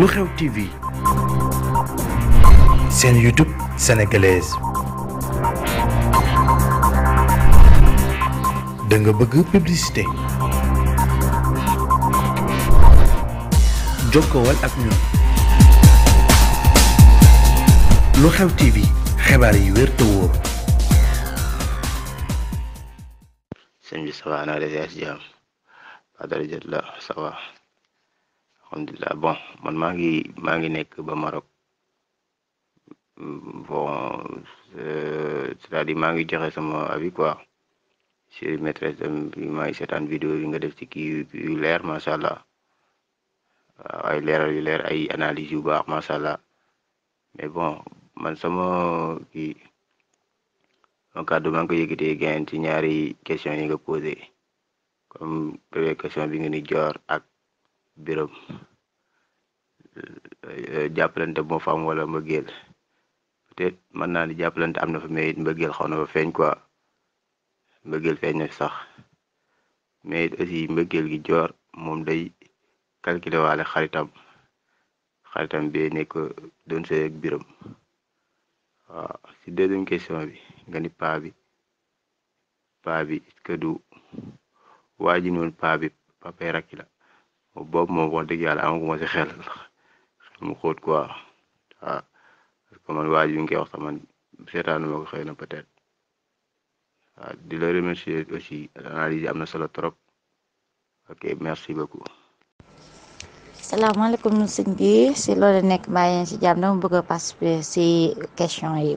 lu xew TV seen YouTube sénégalaise da bëgg publicité jokkowal ak ñun lu xew TV xibaar yi wér te wóor. alhamdulilah bon man maa ngi maa ngi nekk ba Maroc bon euh, c'est-à-dire maa ngi joxe sama avis quoi si maîtresse dem bi maa ngi vidéo bi nga def ci ki yu leer macha allah ay leeral yu leer ay analyse yu baax macha allah mais bon man sama ki sama kàddu maa ngi ko yëkkatee gain ci ñaari question yi nga posé comme question bi nga ni joor ak birom Euh, jàppalante moo fam wala mbëggeel peut-être mën naa ni jàppalante am na fa mais it xaw na fa feeñ quoi mbëggeel feeñ na sax mais it aussi mbëggeel gi joor moom day calculer waale xaritam xaritam bi nekk doon sëy ak biram waaw si deuxième question bi ngani ni paa bi paa bi est du waa ji noonu paa bi papay rakki la boobu moom wax dëgg yàlla amaguma si xel mu xóot quoi ah parce man waa ji ngi koy wax man seetaanu ko xëy na peut-être waaw di la remercier aussi analyse am na solo trop ok merci beaucoup. salaamaaleykum sëñ si loolu nekk mbaa yéen si jàmm dama bëgg a participer si question yi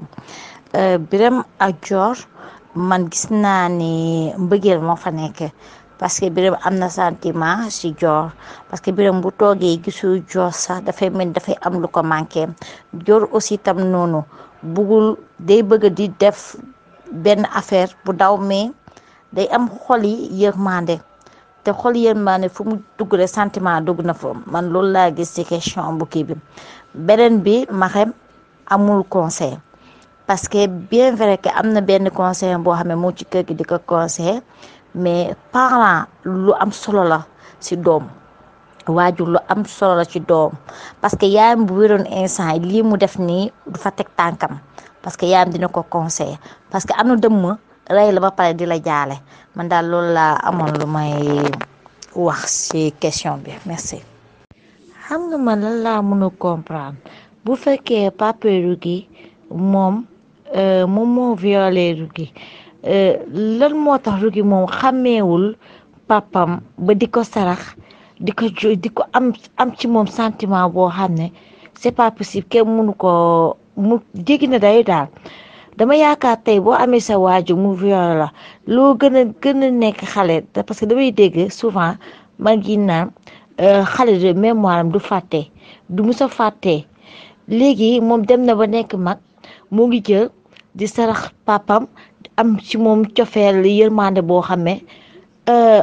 euh, biram ak Dior man gis naa ni mbëggeel moo fa nekk parce que biram am na sentiment si joor parce que biram bu toogee gisul joor sax dafay mel dafay am lu ko manqué joor aussi tam noonu bugul day bëgg di def benn affaire bu daw mais day am xol yi yërmande te xol yërmande fu mu dugg rek sentiment dugg na fa man loolu laa gis ci question bu kii bi beneen bi maxem amul conseil parce que bien vrai que am na benn conseil boo xam ne moo ci kër gi di ko conseil mais parent lu am solo la ci doom waajur lu am solo la ci doom parce que yaayam bu wéroon instant lii mu def nii du fa teg tànkam parce que yaayam dina ko conseil parce que am na dëmm rey la ba pare di la jaale man daal loolu laa amoon lu may wax ci question bi merci. xam nga man lan laa mën a comprendre bu fekkee papa Rugi moom euh, moom moo violé Rugi Euh, lan moo tax Rocky moom xàmmeewul papam ba di ko sarax di ko di ko am am ci moom sentiment boo xam ne c'est pas possible kenn mënu koo mu jéggi na day daal dama yaakaar tey boo amee sa waajur mu violé la loo gën a gën a nekk xale parce que damay dégg souvent ma ngi naan euh, xale de mémoire am du fàtte du mus a fàtte léegi moom dem na ba nekk mag mu ngi jël di sarax papam am ci moom cofeel yërmande boo xam ne euh,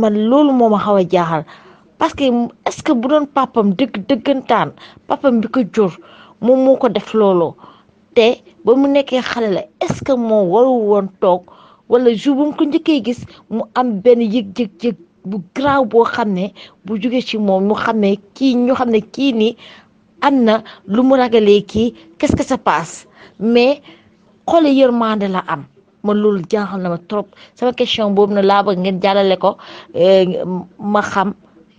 man loolu moo ma xaw a jaaxal parce que est-ce que bu doon papam dëgg dëggantaan papam bi ko jur moom moo ko def looloo te ba mu nekkee xale la est-ce que moo waru woon toog wala jour bu mu ko njëkkee gis mu am benn yëg yëg bu graaw boo xam ne bu jóge ci moom mu xam ne kii ñu xam ne kii nii am na lu mu ragalee kii quest que ça passe mais xoole yërmande la am ma loolu jaaxal na ma trop sama question boobu na laa bëgg ngeen jàllale ko eh, ma xam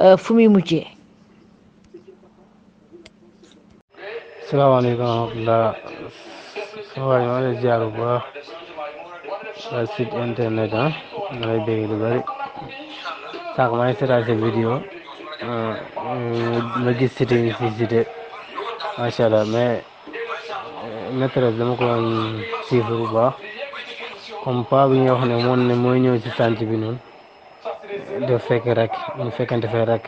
eh, fu muy mujjee. salaamaaleykum wa rahmatulah waaye maa ngi lay ziar bu baax sa site internet ah maa ngi dégg lu bari sax eh, ma gis cité yi si cité comme pas bi nga wax ne moom ne mooy ñëw ci tànt bi noonu def fekk rek ñu fekkante fee rek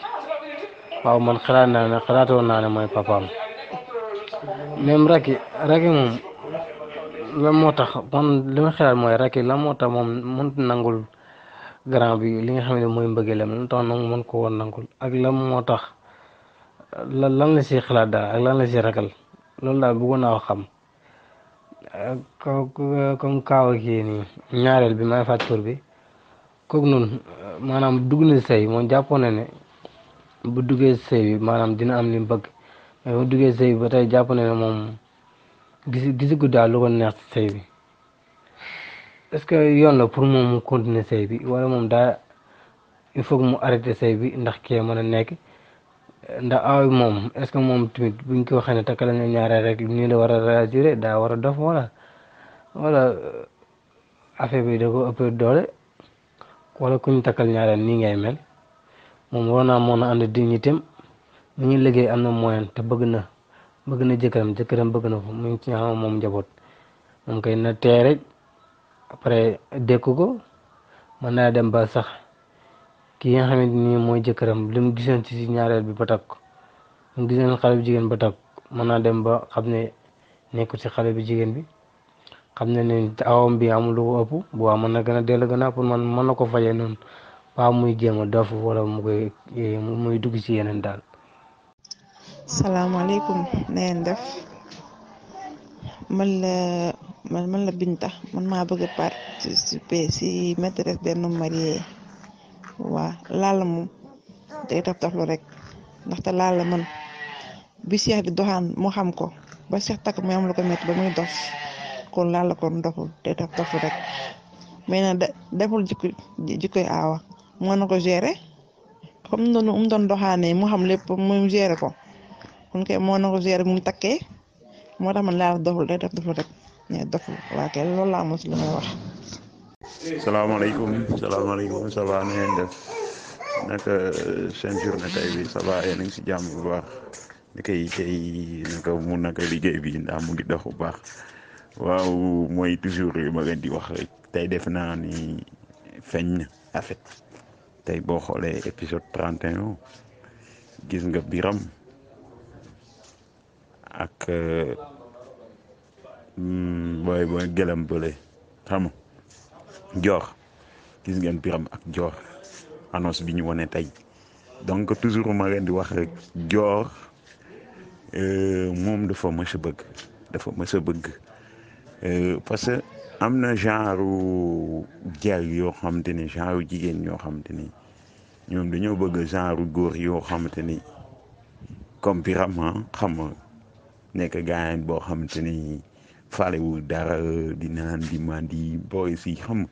waaw man xalaat naa ne xalaatoon naa ne mooy papaam même rek rek moo tax man li ma xalaat mooy rek lan moo tax moom mënut nangul grand bi li nga xam ne mooy mbëggeelam lan tax nangu mën ko woon nangul ak la moo tax lan la si xalaat daal ak lan la si ragal loolu daal bëggoon naa xam comme kaaw kii nii ñaareel bi may fàtt tur bi kooku noonu maanaam dugg na sëy moom jàppoon na ne bu duggee sëy bi maanaam dina am li mu bëgg mais bu bi ba tey jàpp na ne moom gisi gisigu daal lu ko neex ci sëy bi est-ce que yoon la pour moom mu continuer sëy bi wala moom daa il faut que mu arrêter sëy bi ndax ki mën a nekk ndax aaw moom est-ce que moom tamit buñ ko waxee ne takkale ñoom ñaareel rek nii la war a réagir daa war a dof wala wala euh, affaire bi da ko ëpp doole wala ñu takkal ñaareel nii ngay mel moom waroon naa mën a ànd dignité mu ngi liggéey am na moyen te bëgg na bëgg na jëkkëram jëkkëram bëgg na ko mu ngi ñaama moom njaboot moom kay na tee rek après dékku ko mën naa dem ba sax ki nga xamante ni mooy jëkkëram li mu gisoon ci si ñaareel bi ba takk ko mu gisoon xale bu jigéen ba mën naa dem ba xam ne nekkul ci xale bu jigéen bi xam ne ne awam bi amul lu ko ëpp na gën a dellu gannaaw pour man mën na ko fajee noonu ba muy jéem a dof wala mu koy muy dugg ci yeneen daal. salaamaaleykum na ngeen def man la man la Binta man maa bëgg a participer si maîtresse d'un homme marié. waa laal la moom day taf taflu rek ndaxte laal la man bi seex di doxaan mu xam ko ba seex takk mu am lu ko métti ba muy dof kon laal la kon doful day taf taflu rek mais deful jikko jikkoy aawa mën na ko gérer comme mu doon mu doon doxaanee mu xam lépp mu gérer ko kon kay moo na ko gérer mu takkee moo tax man laal doful day taf taflu rek mais doful waa kay loolu laa mos li may salaamaaleykum salaamaaleykum ça va na ngeen def naka euh, seen journée tey bi ça ngi si jàmm bu baax naka yi tey naka mu naka liggéey bi ndax mu ngi dox bu baax waaw mooy toujours li leen di wax tey def naa ni feeñ na en fait tey boo xoolee épisode 31 gis nga biram ak euh, hmm, booy booy gëlam bële xam joor gis ngeen biram ak joor annonce bi ñu wone tey donc toujours ma leen di wax rek joor euh, moom dafa mës a bëgg dafa mës bëgg euh, parce que am na genre jel yoo xamante ni genre jigéen yoo xamante ni ñoom dañoo bëgg genre góor yoo xamante ni comme Birame ah, xam nekk gaañ boo xamante ni faalewul dara di naan di mandi booy si xam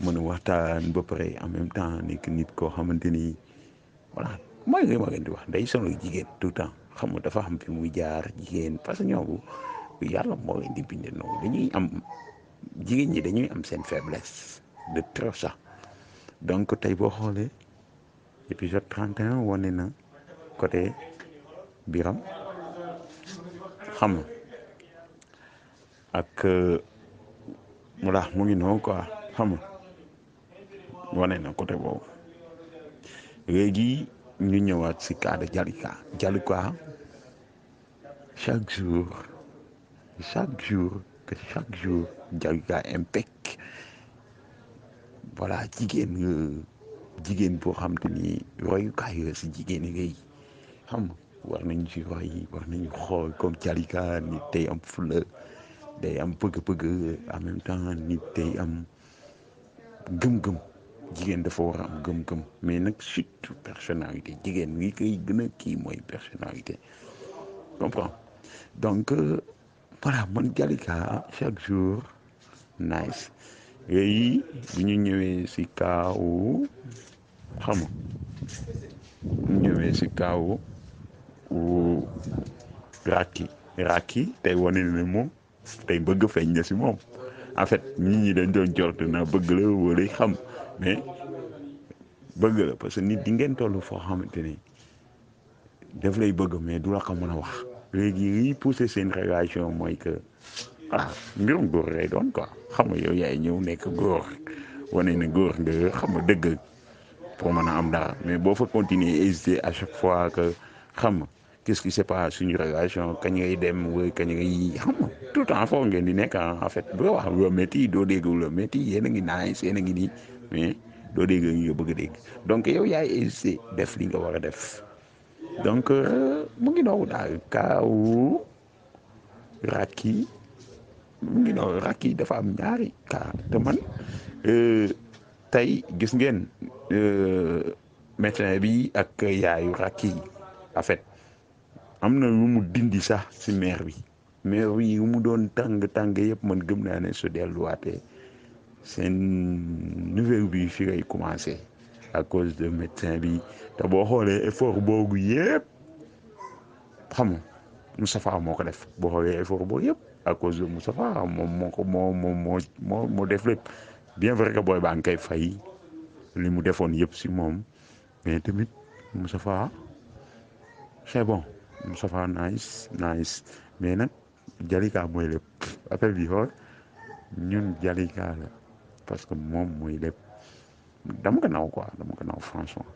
mën waxtaan ba pare en même temps nekk nit koo xamante ni voilà mooy li ma leen di wax nday sonal jigéen tout le temps xam nga dafa xam fi muy jaar jigéen parce que ñoom yàlla moo leen di bindee noonu dañuy am jigéen ñi dañuy am seen faiblesse de trop sax donc tey boo xoole épisode 31 wane na côté biram xam ak voilà euh, mu ngi noonu quoi xam nga wane na côté boobu léegi ñu ñëwaat si cas Jalika Jalika chaque jour chaque jour que chaque jour Jalika impec voilà jigéen euh, jigéen boo xam te ni royukaay la si jigéen ñi léegi xam war nañ si roy war nañu xool comme Jalika ni tey am fula day am bëgg-bëgg en même temps nit day am gëm-gëm jigéen dafa war am gëm-gëm mais nag surtout personnalité jigéen wi koy gën a kii mooy personnalité comprends donc euh, voilà man Jalika chaque jour nice yooyu bu ñu ñëwee si kaawu xam nga ñëwee si kaawu raaki raaki tey wane ne moom tey bëgg feeñ na si moom en fait nit ñi dañ doon jort naa bëgg la wala xam mais bëgg la parce que nit di ngeen toll foo xamante ni daf lay bëgg mais du la ko mën a wax. léegi liy poussé seen relation mooy que ah mbirum góor lay doon ko xam nga yow yaay ñëw nekk góor wane na góor nga xam nga dëgg pour mën a am dara mais boo fa continuer hésiter à chaque fois que xam nga qu'est-ce qui se passe suñu relation kañ ngay dem wala kañ ngay xam tout le ngeen di nekk en fait boo wax loo métti doo dégg loo métti yéen ngi naaj yéen a ngi nii mais doo dégg nga bëgg a dégg donc yaay hésité def li nga war a def donc euh, mu ngi noonu daal kaawu rakki mu ngi noonu rakki dafa am ñaari kaa te man euh, tey gis ngeen euh, médecin bi ak yaayu rakki en fait. am na lu mu dindi sax si maire bi maire bi yu mu doon tàng tàng yëpp man gëm naa ne su delluwaatee seen nouvelle bi fi ngay commencé à cause de médecin bi te boo xoolee effort boobu yëpp xam nga Moustapha moo ko def boo xoolee effort boobu yëpp à cause de Moustapha moo ko moo moo moo moo def lépp bien vrai que booy baa ngi koy fay li mu defoon yëpp si moom mais tamit Moustapha c'est bon. Moustapha nice nice mais nag Jalika mooy lépp appel bi xool ñun Jalika parce que moom mooy lépp dama ko naw quoi dama ko naw franchement